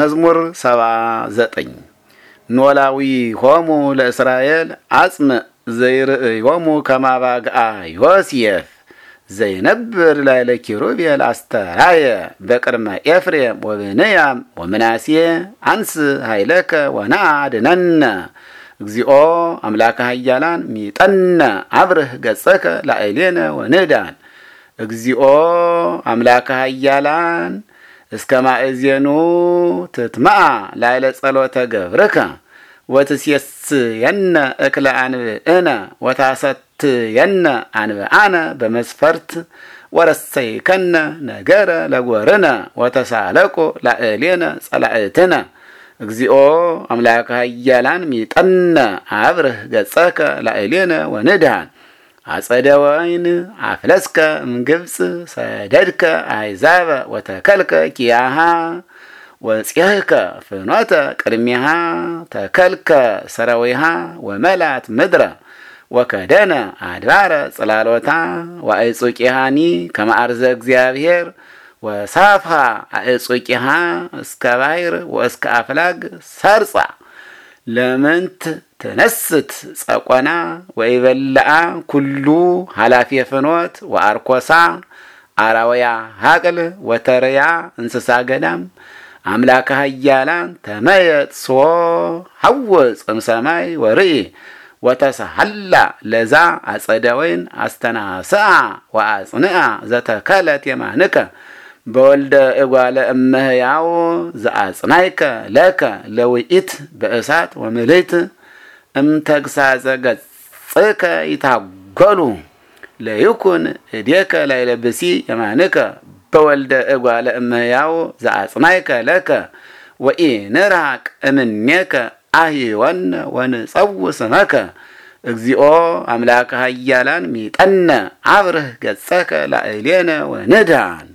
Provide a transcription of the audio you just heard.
መዝሙር ዘጠኝ ኖላዊ ሆሙ ለእስራኤል አጽምዕ ዘይርእዮሙ ከመ ባግአ ዮሴፍ ዘይነብር ላይለ ኪሩቤል አስተራየ በቅድመ ኤፍሬም ወብንያም ወምናሴ አንስ ኃይለከ ወነአ እግዚኦ አምላከ ሃያላን ሚጠነ አብርህ ገጸከ ላዕሌነ ወንዳን እግዚኦ አምላከ ሃያላን እስከ ማእዜኑ ትትመአ ላይለ ጸሎተ ገብርከ የነ እክለ የነ አንብ አንብአነ በመስፈርት ወረሰይከነ ነገረ ለጎርነ ወተሳለቆ ላእሌነ ጸላእትነ እግዚኦ አምላከ ኃያላን ሚጠነ አብርህ ገጸከ ላእሌነ ወንድሃን አጸደ ወይን አፍለስከ እምግብፅ ሰደድከ አይዛበ ወተከልከ ኪያሃ ወጽሕከ ፍኖተ ቅድሚሃ ተከልከ ሰራዊሃ ወመላት ምድረ ወከደነ አድባረ ጽላሎታ ወአይጹቂሃኒ ከመአርዘ እግዚአብሔር ወሳፍሃ አእጹቂሃ እስከ ባሕር ወእስከ አፍላግ ሰርጻ ለምንት ትነስት ጸቆና ወይበልአ ኩሉ ኃላፊ ፍኖት ወአርኮሳ አራወያ ሀቅል ወተርያ እንስሳ ገዳም አምላከ ኃያላን ተመየጽዎ ሐውፅ እምሰማይ ወርኢ ወተሰሐላ ለዛ አጸደ አስተናስአ ወአጽንአ ዘተከለት የማንከ በወልደ እጓለ እመህያው ዘአጽናይከ ለከ ለውኢት በእሳት ወምልእት እምተግሳጸ ገጽከ ይታጎሉ ለይኩን እዴከ ላይለብሲ የማንከ በወልደ እጓለ እመህያው ዘአጽናይከ ለከ ወኢ ንርሃቅ እምኔከ አህወነ ወንጸው ስመከ እግዚኦ አምላከ ሃያላን ሚጠነ አብርህ ገጸከ ላዕሌነ ወንዳን